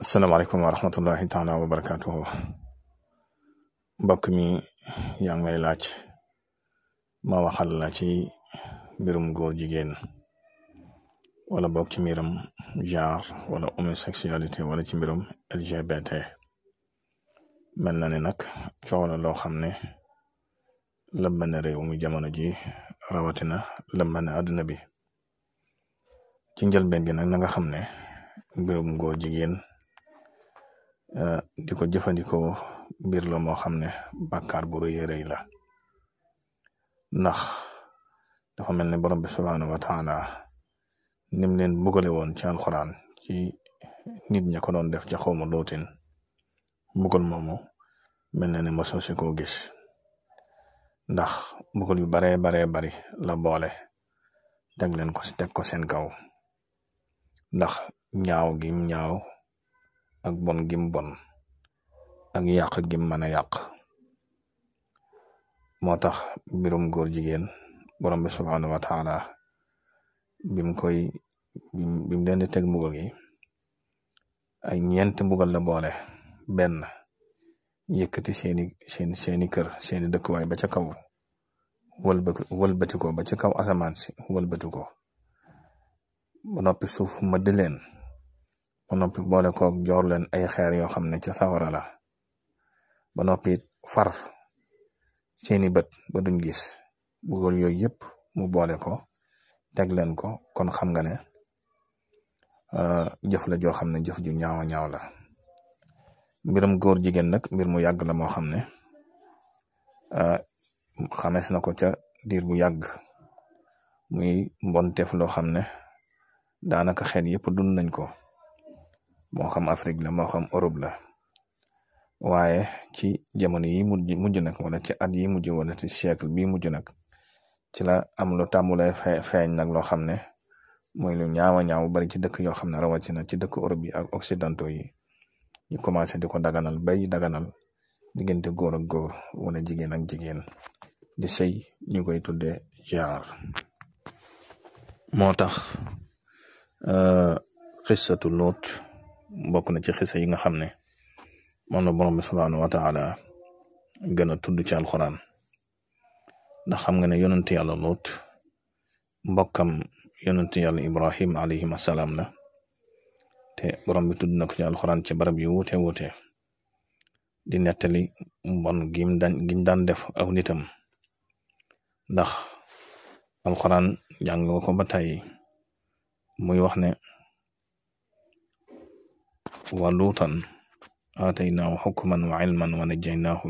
asalaamaaleykum wa rahmatullahi taala wa barakaatuhu mbokk mi yaa ngi may laaj ma waxal la ci mbirum góor jigéen wala bok ci mbirum genre wala homosexualité wala ci mbirum LGBT mel na ne nag coow loo xam ne lëmb na réew mi jamono ji rawatina lëmb na àdduna bi ci njëlbeen gi nag na nga xam ne mbirum góor jigéen. Euh, di ko jëfandikoo mbir la moo xam ne bàkkaar la ndax dafa mel ne borom bi subhaanahu wa taala nim leen bugale woon ci alxuraan ci nit ña ko doon def ca xawma lootin mbugal moomu mel na ne mosoo si gis ndax mbugal yu baree baree bari la boole teg leen ko si teg ko seen kaw ndax ñaaw gi ñaaw ak bon gim bon ak yàq gim mën a yàq moo tax mbirum góor jigéen borom bi subhaanahu wa taala bim koy bim leen di teg mbugal gi ay ñeent mbugal la boole benn yëkkati seeni seeni kër seeni dëkkuwaay ba ca kaw wëlbati wëlbati ko ba ca kaw asamaan si wëlbati ko ba ba noppi boole koog joor leen ay xeer yoo xam ne ca sawara la ba noppi far seeni bët ba duñ gis bugal yooyu yëpp mu boole ko teg leen ko kon xam nga ne euh, jëf la joo xam ne jëf ju ñaaw ñaaw la mbiram góor jigéen nag mbir mu yàgg la moo xam ne euh, xamees na ko ca diir bu yàgg muy mbonteef loo xam ne daanaka xeet yëpp dund nañ ko moo xam Afrique la moo xam Europe la waaye ci jamono yi mujj mujj nag wala ci at yi mujj wala ci siècle bi mujj nag ci la am lu tàmbulee feeñ nag loo xam ne mooy lu ñaawa ñaaw bari ci dëkk yoo xam ne rawatina ci dëkk Europe yi ak Occidentaux yi ñu commencé di ko daganal bay daganal diggante góor ak góor wala jigéen ak jigéen di sey ñu koy tuddee jaar moo tax euh, xissatu Luut bokk na ci xisa yi nga xam ne moom na borom bi subhaanahu wa taala gën a tudd ci alxuraan ndax xam nga ne yonent yàlla luut mbokkam yonent yàlla ibrahim alayhim asalaam la te borom bi tudd na ko ci alxuraan ci barab yu wuute wuute di nettali mbon gim daan gim daan def aw nitam ndax alxuraan jàng nga ko ba muy wax wa luutan aataynaahu xukman wa cilman wa najaynaahu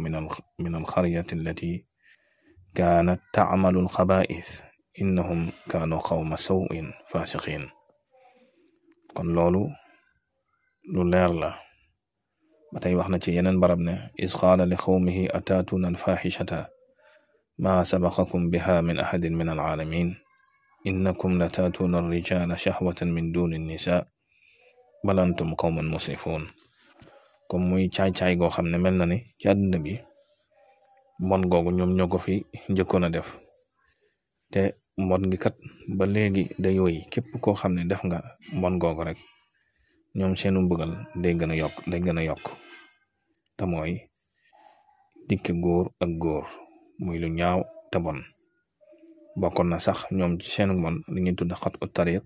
min alqaryati allati kaanat tacmalu alxabaa'is innahum kaanu qawma sawin faasiqin kon loolu lu leer la ba tey wax na ci yeneen barab ne is qaala li qawmihi ataatuna alfaaxishata maa sabaqakum biha min axadin min alcaalamin innakum la taatuuna alrijaala shahwatan min duuni annisa balantum qawman musrifuun comme muy caay-caay goo xam ne mel na ne ci àdduna bi mbon googu ñoom ñoo ko fi njëkkoon a def te mbon gi kat ba léegi day woy képp koo xam ne def nga mbon googu rek ñoom seenu mbogal day gën a yokk day gën a yokk te mooy dikke góor ak góor muy lu ñaaw te bon bokkoon na sax ñoom seenu mbon li ñuy tudd xat ut tariq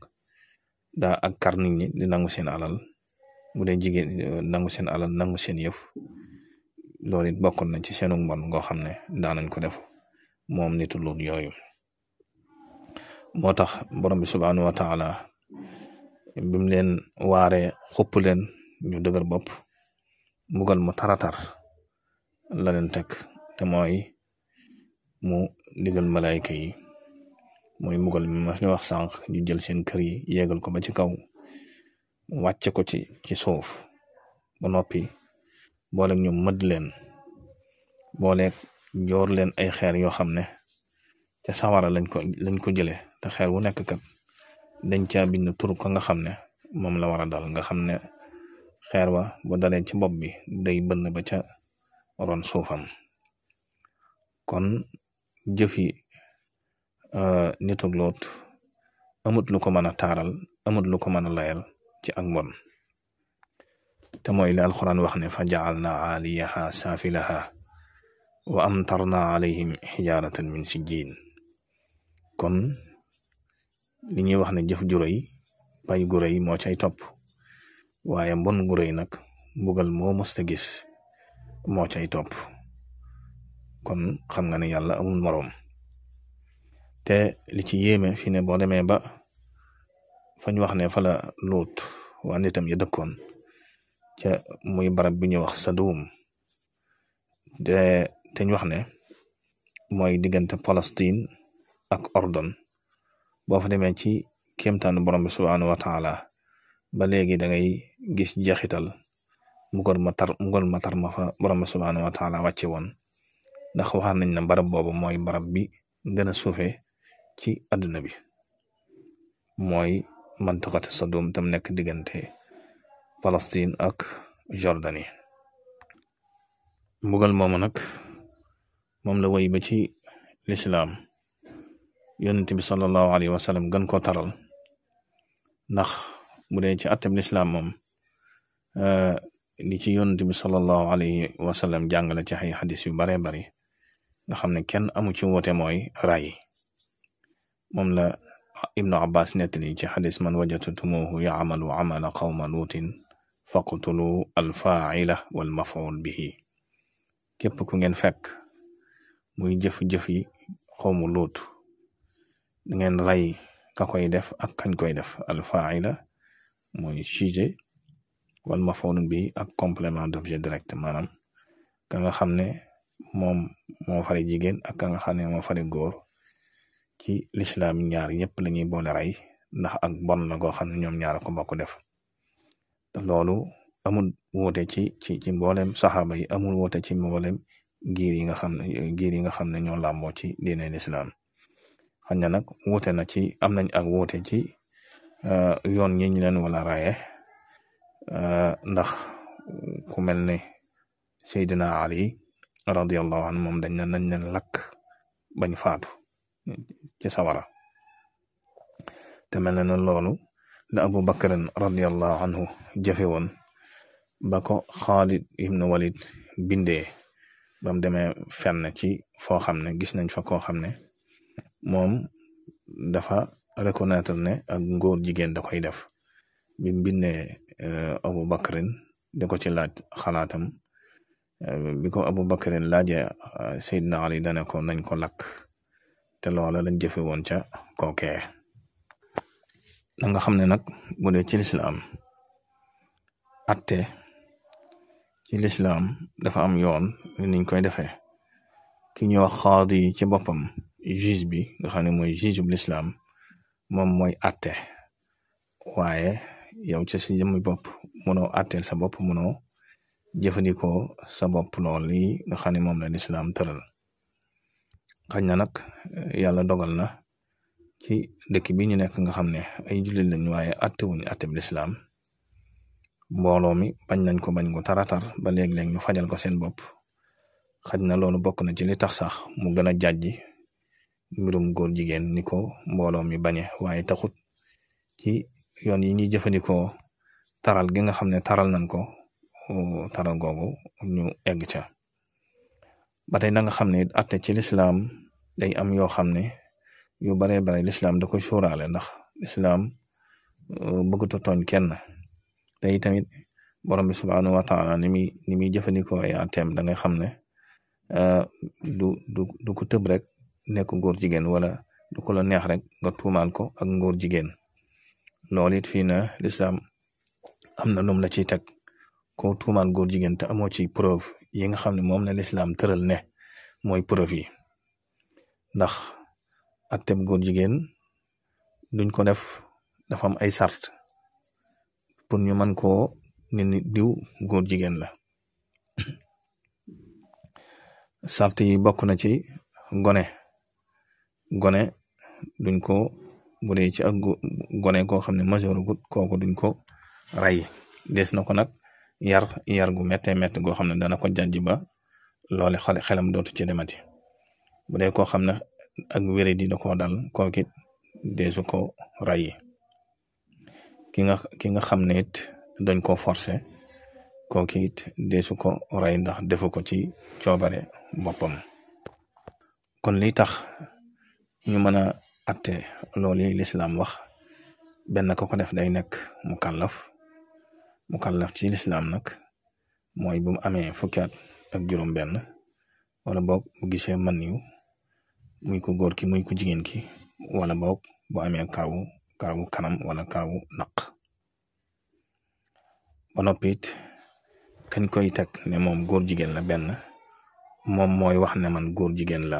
daa ak kar di nangu seen alal bu dee jigéen euh, nangu seen alal nangu seen yëf loolu it bokkoon nañ ci seenu mbon ngoo xam ne daanañ ko def moom yooyu moo tax borom bi subhaanahu wa taala bim leen waaree xupp leen ñu dëgër bopp mbugal mu taratar la leen teg te mooy mu digal malayka yi mooy mbugal mi ma fi wax sànq ñu jël seen kër yi yeegal ko ba ci kaw wàcce ko ci ci suuf ba noppi boole ñu mëdd leen booleeg joor leen ay xeer yoo xam ne ca sawara lañ ko lañ ko jëlee te xeer wu nekk kat dañ caa bind tur ko nga xam ne moom la war a dal nga xam ne xeer wa bo dalee ci bopp bi day bënn ba ca ron suufam kon jëf yi Eh, nitug Loot amut lu ko mën a taaral amut layal ci ak mbon te mooy la alquran wax ne fa jaalna aaliyaha saafilaha wa amtarna alayhim xijaaratan min sijjiin kon li ñuy wax ne jëf ju rëy bay gu moo cay topp waaye mbon gu rëy nag mbugal moo mësta gis moo cay topp kon xam nga ne yàlla amul moroom te li ci yéeme fi ne boo demee ba fañ wax ne fa la luut waa nitam ya ca muy barab bi ñuy wax Sadum te te ñu wax ne mooy diggante Palestine ak Ordon boo fa demee ci kéemtaanu borom bi subhaanahu wa ba léegi da ngay gis jeexital mugol ma tar mugol ma tar ma fa borom bi subhaanahu wa taala wàcce woon ndax waxaar nañ ne barab boobu mooy barab bi gën a suufee ci àdduna bi mooy mantaqat Sadum tam nekk diggante Palestine ak Jordanie mbugal moomu nag moom la woy ba ci lislaam yonent bi sallallahu alayhi wa sallam gën koo taral ndax bu dee ci attab lislaam moom eh, li ci yonent bi sallallahu alayhi wa sallam jàngale ci ay xadis yu baree bari nga xam ne kenn amu ci woote mooy ray moom la ibnu abbas nettali ci xadis man wajatutumuhu yaamalu amala qawma luutin faqtulu alfaaila walmafuul bihi képp ku ngeen fekk muy jëf-jëf yi xawmu luut da ngeen rey ka def ak kañ koy def alfaaila mooy sujet wal mafuul bi ak complément d'objet direct maanaam ka nga xam ne moom moo fari jigéen ak ka nga xam ne moo fari góor ci lislaam ñaar ñëpp lañuy boole rey ndax ak bon la goo xam ne ñoom ñaar ko bokk def te loolu amul woote ci ci ci mboolem saxaaba yi amul woote ci mboolem giir yi nga xam ne giir yi nga xam ne ñoo làmboo ci diine lislaam xañ na nag woote na ci am nañ ak woote ci euh, yoon ñi ñu leen wala raye euh, ndax ku mel ne Seydina Ali radiyallahu anhu moom dañ na nañ leen lakk bañ faatu ci sawara te mel na loolu la abu bakarin radiallahu anhu jafe woon ba ko xaalid ibnu walid bindee ba mu demee ci foo xam ne gis nañ fa koo xam ne moom dafa reconnaître ne ak ngóor jigéen da koy def bi mu bindee euh, abu ko ci laaj xalaatam euh, bi ko abu bakarin laajee euh, seydna ali dane ko nañ ko lakk te loola lañ jëfe woon ca kookee da nga xam ne nag bu ci lislaam atte ci lislaam dafa am yoon niñ koy defee ki ñuy wax xaadi ci boppam juge bi nga xam ne mooy juge bu lislaam moom mooy atte waaye yow ci si jëmmi bopp mënoo atteel sa bopp mënoo jëfandikoo sa bopp lool yi nga xam ne moom la lislaam tëral xañ na nag eh, yàlla dogal na ci dëkk bi ñu nekk nga xam ne ay jullit lañ waaye attewuñu atteb lislaam mbooloo mi bañ nañ ko bañ ko taratar ba léeg-léeg ñu fajal ko seen bopp xaj na loolu bokk na ci li tax sax mu gën a jàjji mbirum góor jigéen ni ko mbooloo mi bañe waaye taxut ci yoon yi ñuy jëfandikoo taral gi nga xam ne taral nañ ko taral googu ñu egg ca ba nga xam ne atte ci lislaam day am yoo xam ne yu baree bare lislaam da ko suuraale ndax lislaam euh, bëgguta tooñ kenn te tamit borom bi subhaanahu wa taala ni muy ni muy jëfandikoo ay atem da ngay xam ne euh, du du du ko tëb rek nekk ngóor jigéen wala du ko la neex rek nga tuumaal ko ak ngóor jigéen loolu it fii na lislaam am na lum la ciy teg ko tuumaal góor jigéen te amoo ci preuve yi nga xam ne moom la lislaam tëral ne mooy preuve ndax atteb góor jigéen duñ ko def dafa am ay sart pour ñu mën koo ne diw góor jigéen la sart yi bokk na ci gone gone duñ ko bu dee ci ak gone koo xam ne majeur gut kooku duñ ko ray des na ko nag yar yar gu méttee métti goo xam ne dana ko jàjj ba loole xale xelam dootu ci bu dee koo xam na ak wére di da koo dal kookit deesu ko rayyi ki nga ki nga xam ne it dañ koo forcer kooku it deesu ko ray ndax defu ko ci coobare boppam kon li tax ñu mën a atte loolu yi lislaam wax benn ko ko def day nekk mu kàllaf mu kàllaf ci lislaam nag mooy bu mu amee fukki at ak juróom benn wala boog bu gisee man yu muy ku góor ki muy ku jigéen ki wala boog bu amee kaw kaw kanam wala karawu naq ba noppi it kañ koy teg ne moom góor jigéen la benn moom mooy wax ne man góor jigéen la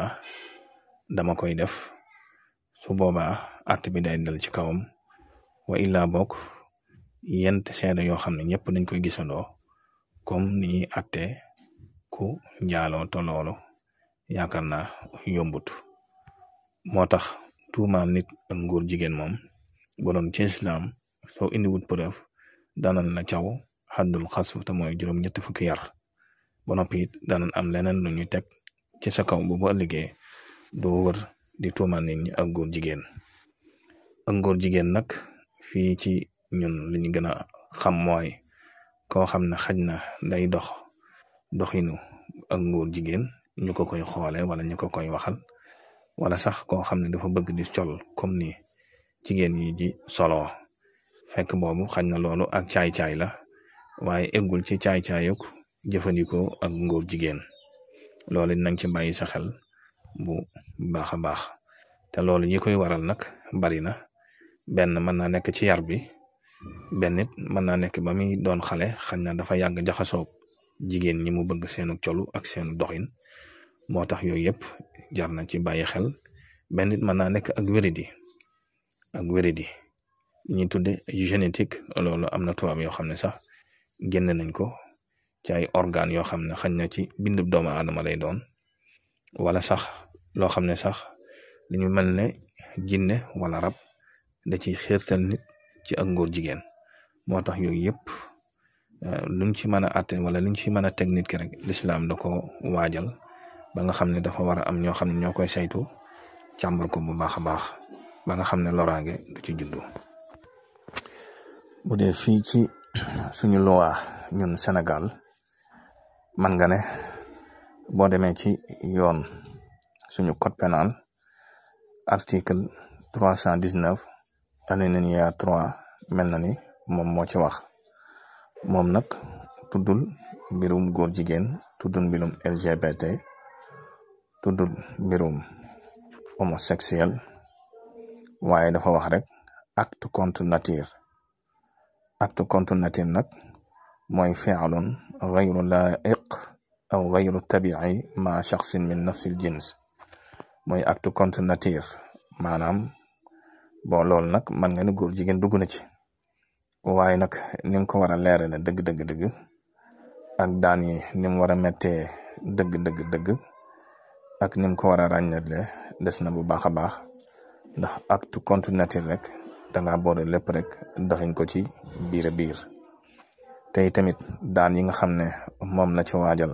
dama koy def su boobaa att bi day ci kawam wa illaa bokk yent seede yoo xam ne ñëpp dañ koy gisandoo comme ni ñuy atte ku njaaloo te loolu yaakaar naa yombut moo tax tuumaal nit ak ngóor jigéen moom bu doon ci islaam soo indiwut preuve daanan la caw xaddul xasfu te mooy juróom-ñetti fukki yar ba noppi it daanan am leneen lu ñuy teg ci sa kaw bu bu ëllëgee doo wër di tuumaal nit ñi ak góor jigéen ak jigéen nag fii ci ñun li ñu gën a xam mooy koo xam ne xaj na day dox doxinu ak ngóor jigéen ñu ko koy xoole wala ñu ko koy waxal wala sax koo xam ne dafa bëgg di col comme ni jigéen yi di solo fekk boobu xañ na loolu ak caay-caay la waaye eggul ci caay-caayuk jëfandikoo ak ngóor jigéen loolu nañ ci bàyyi sa xel bu baax a baax te loolu ñi koy waral nag bari na benn mën naa nekk ci yar bi benn it mën naa nekk ba muy doon xale xañ na dafa yàgg jaxasoog jigéen ñi mu bëgg seenu colu ak seenu doxin moo tax yooyu yëpp jar na ci bàyyi xel benn nit mën naa nekk ak wéridi ak wéridi ñuy tudde génétique loolu am na tubaab yoo xam ne sax génn nañ ko ci ay organes yoo xam ne xañ na ci bindub doomu aadama lay doon wala sax loo xam ne sax li ñu mel ne jinne wala rab da ci xiirtal nit ci ak ngóor jigéen moo tax yooyu yëpp eh, luñ ci mën a àtte wala luñ ci mën a teg nit ki rek lislaam da ko waajal ba nga xam ne dafa war a am ñoo xam ne ñoo koy saytu càmbar ko bu baax a baax ba nga xam ne loraange du ci juddu. bu dee fii ci suñu loi ñun Sénégal man nga ne boo demee ci yoon suñu code pénal article trois cent dix neuf alinéa trois mel na ni moom moo ci wax moom nag tuddul mbirum góor jigéen tuddul mbirum LGBT. tudd mbirum homosexuel waaye dafa waxrek rek acte contre nature acte nag mooy fi'lun ghayru laiq aw ghayru tabi'i ma shakhsin min nafsil jins mooy acte contre nature maanaam bon loolu nag man nga ni góor jigéen dugg na ci waaye nag ni nga ko war a leerale dëgg dëgg dëgg ak daan yi ni mu war a méttee dëgg dëgg ak ni ko war a ràññalee des na bu baax a baax ndax acte contre nature rek da ngaa boole lépp rek daxiñ ko ci biir a biir te tamit daan yi nga xam ne moom na ci waajal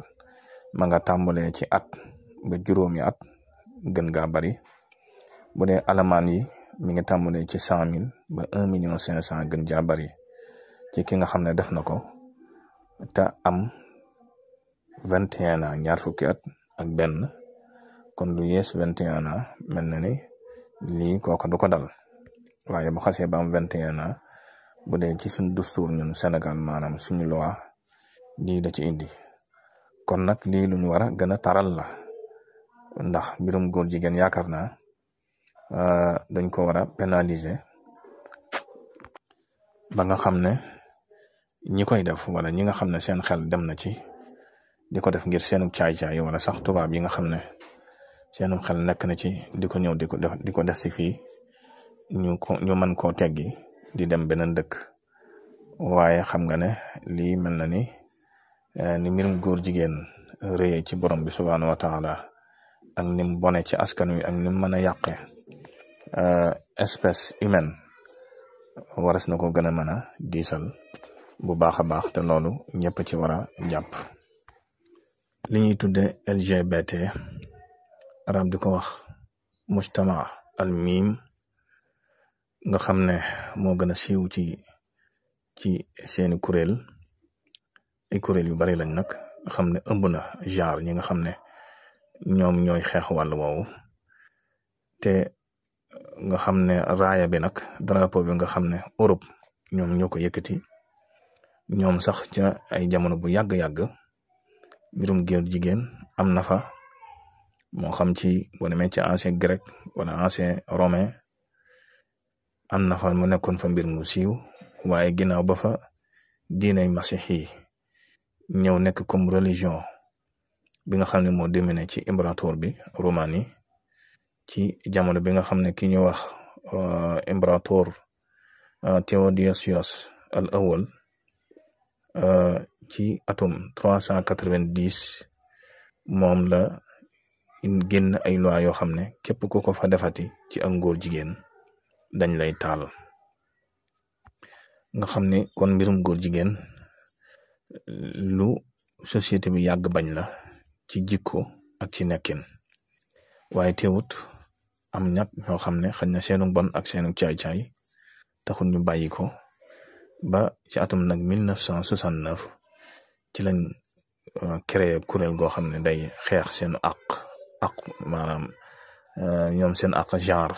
ma nga tàmbalee ci at ba juróomi at gën gaa bari bu dee alamaan yi mi ngi tàmbalee ci cent mille ba un million cinq cent gën jaa bari ci ki nga xam ne def na ko te am vingt et un ans ñaar fukki at ak benn. kon lu yees vingt et un mel na ni lii kooku du ko dal waaye bu xasee ba am vingt et un ans bu dee ci suñu dustuur ñun Sénégal maanaam suñu loi lii da ci indi kon nag lii lu ñu war a gën a taral la ndax mbirum góor jigéen yaakaar naa euh, dañ ko war a pénaliser ba nga xam ne ñi koy def wala ñi nga xam ne seen xel dem na ci di ko def ngir seenu caay-caay wala sax tubaab yi nga xam ne seenum xel nekk na ci di ko ñëw di ko def di ko def si fii ñu ko koo teggi di dem beneen dëkk waaye xam nga ne lii mel na ni eh, ni mbirum góor jigéen réye ci borom bi subhaanahu wa taala ak ni mu bone ci askan wi ak ni mu mën a yàqe eh, espèce humaine waras na ko gën a mën a diisal bu baax a baax te loolu ñëpp ci war a jàpp li ñuy LGBT arab di ko wax mujtama al miim nga xam ne moo gën a siiw ci ci seeni kuréel ay kuréel yu bari lañ nag nga xam ne ëmb na genre ñi nga xam ne ñoom ñooy xeex wàll woowu te nga xam ne raaya bi nag drapeau bi nga xam ne Europe ñoom ñoo ko yëkkati ñoom sax ca ay jamono bu yàgg-yàgg mbirum góor jigéen am na fa moo xam ci boo demee ci ancien grec wala ancien romain am na fa mu nekkoon fa mbir mu siiw waaye ginnaaw ba fa diinay masix ñëw nekk comme religion bi nga xam ne moo dominé ci impérator bi romain yi ci jamono bi nga xam ne ki ñu wax euh, impérator euh, Théodosius al awal euh, ci atum trois cent quatre-vingt-dix moom la génn ay loi yoo xam ne képp ku ko fa defati ci a ngóor jigéen dañ lay taal nga xam ne kon mbirum góor jigéen lu société bi yàgg bañ la ci jikko ak ci nekkin waaye tewut am ñat ñoo xam ne xañ na seenu mbon ak seenu caay-caay taxul ñu bàyyi ko ba ci atum nag 1969 ci lañ euh, créé kuréel goo xam ne day xeex seenu àq ak maanaam euh, ñoom seen ak genre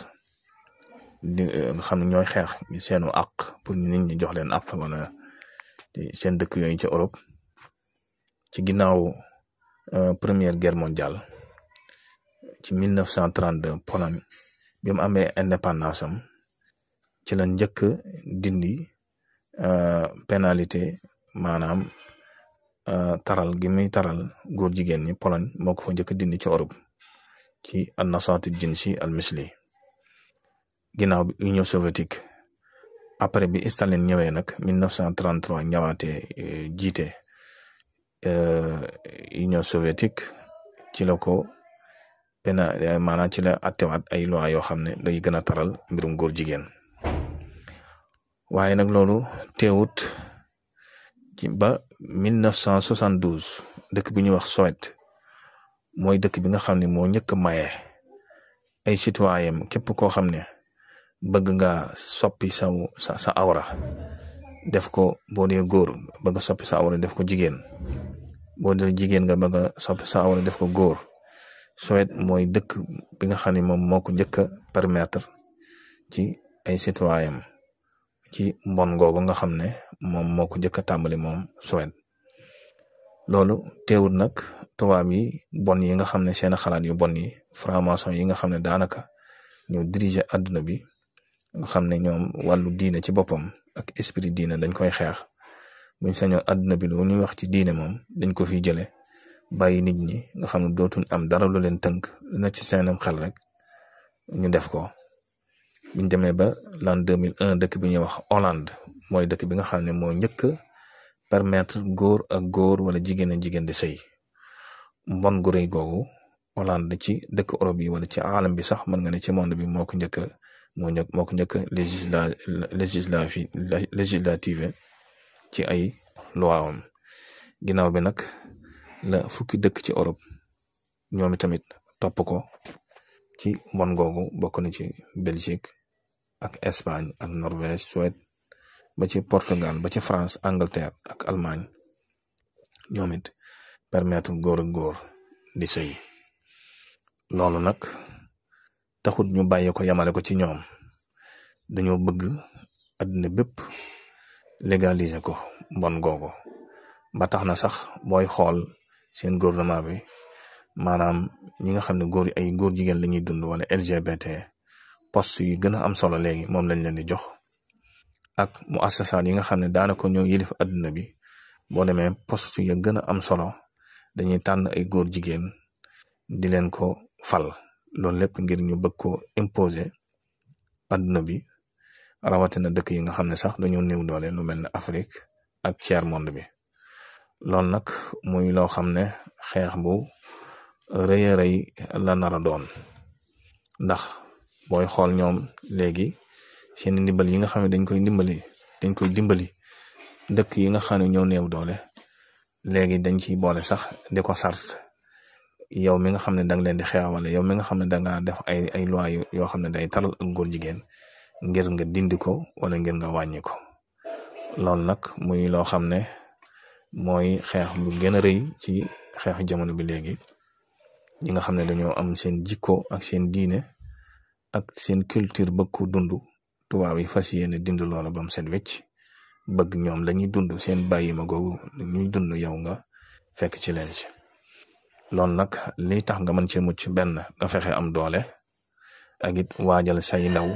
di euh, xam ne ñooy xeex seenu ak pour nit ñi jox leen ak wala seen dëkk yooyu ci Europe ci ginnaaw euh, première guerre mondiale ci 1932 Pologne bi mu amee indépendance am ci la njëkk dindi pénalité maanaam taral gi muy taral góor jigéen ñi Pologne moo ko fa njëkk dindi ci Europe. ci annasaatul jinsi al misli ginnaaw bi Union soviétique après bi Staline ñëwee nag 1933 ñëwaatee euh, jiite euh, Union soviétique ci la ko pena euh, maanaam ci la attewaat ay loi yoo xam ne day gën a taral mbirum góor jigéen waaye nag loolu teewut ba 1972 dëkk bu ñuy wax Sowét mooy dëkk bi nga xam ne moo njëkk a maye ay citoyen képp koo xam ne bëgg nga soppi saw sa sa awra def ko boo dee góor bëgg soppi sa awra def ko jigéen boo dee jigéen nga bëgg a soppi sa awra def ko góor Suède mooy dëkk bi nga xam ne moom moo ko njëkk a permettre ci ay citoyen ci mbon googu nga xam ne moom moo ko njëkk a tàmbali moom Suède loolu teewul nag tubaab yi bon yi nga xam ne seen xalaat yu bon yi framention yi nga xam ne daanaka ñoo diriger àdduna bi nga xam ne ñoom wàllu diine ci boppam ak esprit diine dañ koy xeex buñ sañoon àdduna bi loolu ñuy wax ci diine moom dañ ko fi jële bàyyi nit ñi nga xam ne dootuñ am dara lu leen tënk na ci seenam xel rek ñu def ko biñ demee ba l'an 2001 dëkk bi ñuy wax Hollande mooy dëkk bi nga xam ne moo njëkk permettre góor ak góor wala jigéen ak jigéen di sëy mbon gu googu Hollande ci dëkk Europe yi wala ci alam bi sax mën nga ne ci monde bi moo njëkk a moo njëkk moo ko njëkk a législa législative ci ay loi am ginnaaw bi nag la fukki dëkk ci Europe ñoom tamit topp ko ci mbon googu bokk na ci Belgique ak Espagne ak Norvège Suède ba ci Portugal ba ci France Angleterre ak Allemagne ñoom it permettre góor ak góor di sëy loolu nag taxut ñu bàyyi ko yamale ko ci ñoom dañoo bëgg àddina bépp légaliser ko mbon googu ba tax na sax booy xool seen góor gouvernement bi maanaam ñi nga xam ne góor ay góor jigéen la ñuy dund wala LGBT poste yi gën a am solo léegi moom lañ leen di jox ak mu assasaat yinga xam ne daanaka ñoo yilif adduna bi boo demee poste ya gën am solo dañuy tànn ay góor jigéen di leen ko fal loolu lépp ngir ñu bëgg ko imposer adduna bi rawatina dëkk yi nga xam ne sax dañoo néew doole lu mel ne Afrique ak tiers monde bi loolu nag muy loo xam ne xeex bu rëy a rëy la nar a doon ndax booy xool ñoom léegi seen ndimbal yi nga xam ne dañ koy dimbali dañ koy dimbali dëkk yi nga xam ne ñoo néew doole léegi dañ ciy boole sax di ko sart yow mi nga xam ne danga leen di xeewale yow mi nga xam ne danga def ay ay yoo xam ne day taral a góor jigéen ngir nga dindi ko wala ngir nga wàññi ko loolu nag muy loo xam ne mooy xeex bu gën a rëy ci xeexu jamono bi léegi ñi nga xam ne dañoo am seen jikko ak seen diine ak seen culture ba ku dund tubaab yi fas yéene dind loola ba mu wecc bëgg ñoom lañuy dund seen bàyyi ma googu ñu dund yow nga fekk ci leen ci loolu nag li tax nga mën ci mucc benn nga fexe am doole ak it waajal say ndaw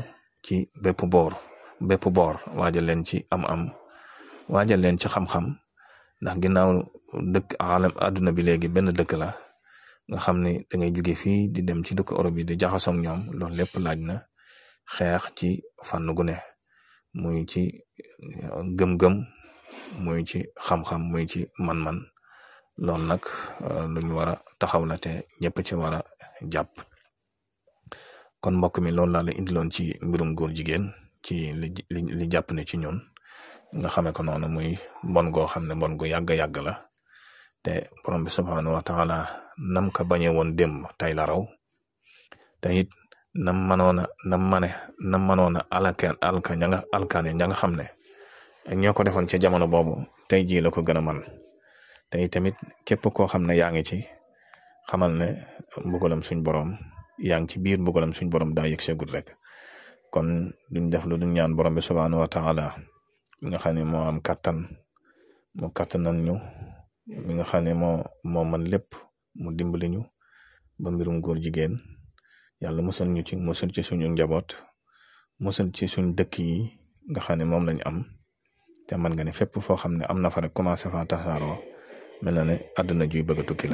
ci bépp boor bépp boor waajal leen ci am-am waajal leen ci xam-xam ndax ginnaaw dëkk alam àdduna bi léegi benn dëkk la nga xam ni da ngay jóge fii di dem ci dëkk Europe yi di jaxasoo ñoom loolu lépp laaj na xeex ci fànn gu muy ci eh, gëm-gëm muy ci xam-xam muy ci man-man loolu nag eh, luñ war a taxaw la te ñëpp ci war a jàpp kon mbokk mi loolu laa la indiloon ci mbirum góor jigéen ci li li jàpp ne ci ñun nga xamee ko noonu muy mbon goo xam ne mbon gu yàgg yàgg la te borom bi subhaanahu wa taala nam ka bañe woon démb tey la raw te nam manoon a nam mane nam manoon a alaka alka alkaane ña xam ne ak ñoo ko defoon ci jamono boobu tey jii la ko gën a man tey tamit képp koo xam ne yaa ngi ci xamal ne mbugalam suñ borom yaa ngi ci biir mbugalam suñ borom daa yëg segut rek kon duñ def lu ñaan borom bi subhaanahu wa taala mi nga xam ne moo am kattan mu kattanal ñu mi nga xam ne moo man lépp mu dimbali ñu ba mbirum góor jigéen yàlla musal ñu ci musal ci suñu njaboot musal ci suñ dëkk yi nga xam ne moom lañ am te mën nga ne fépp foo xam ne am na fa rek commencé fa tasaaroo mel na ne àdduna juy bëgg a tukki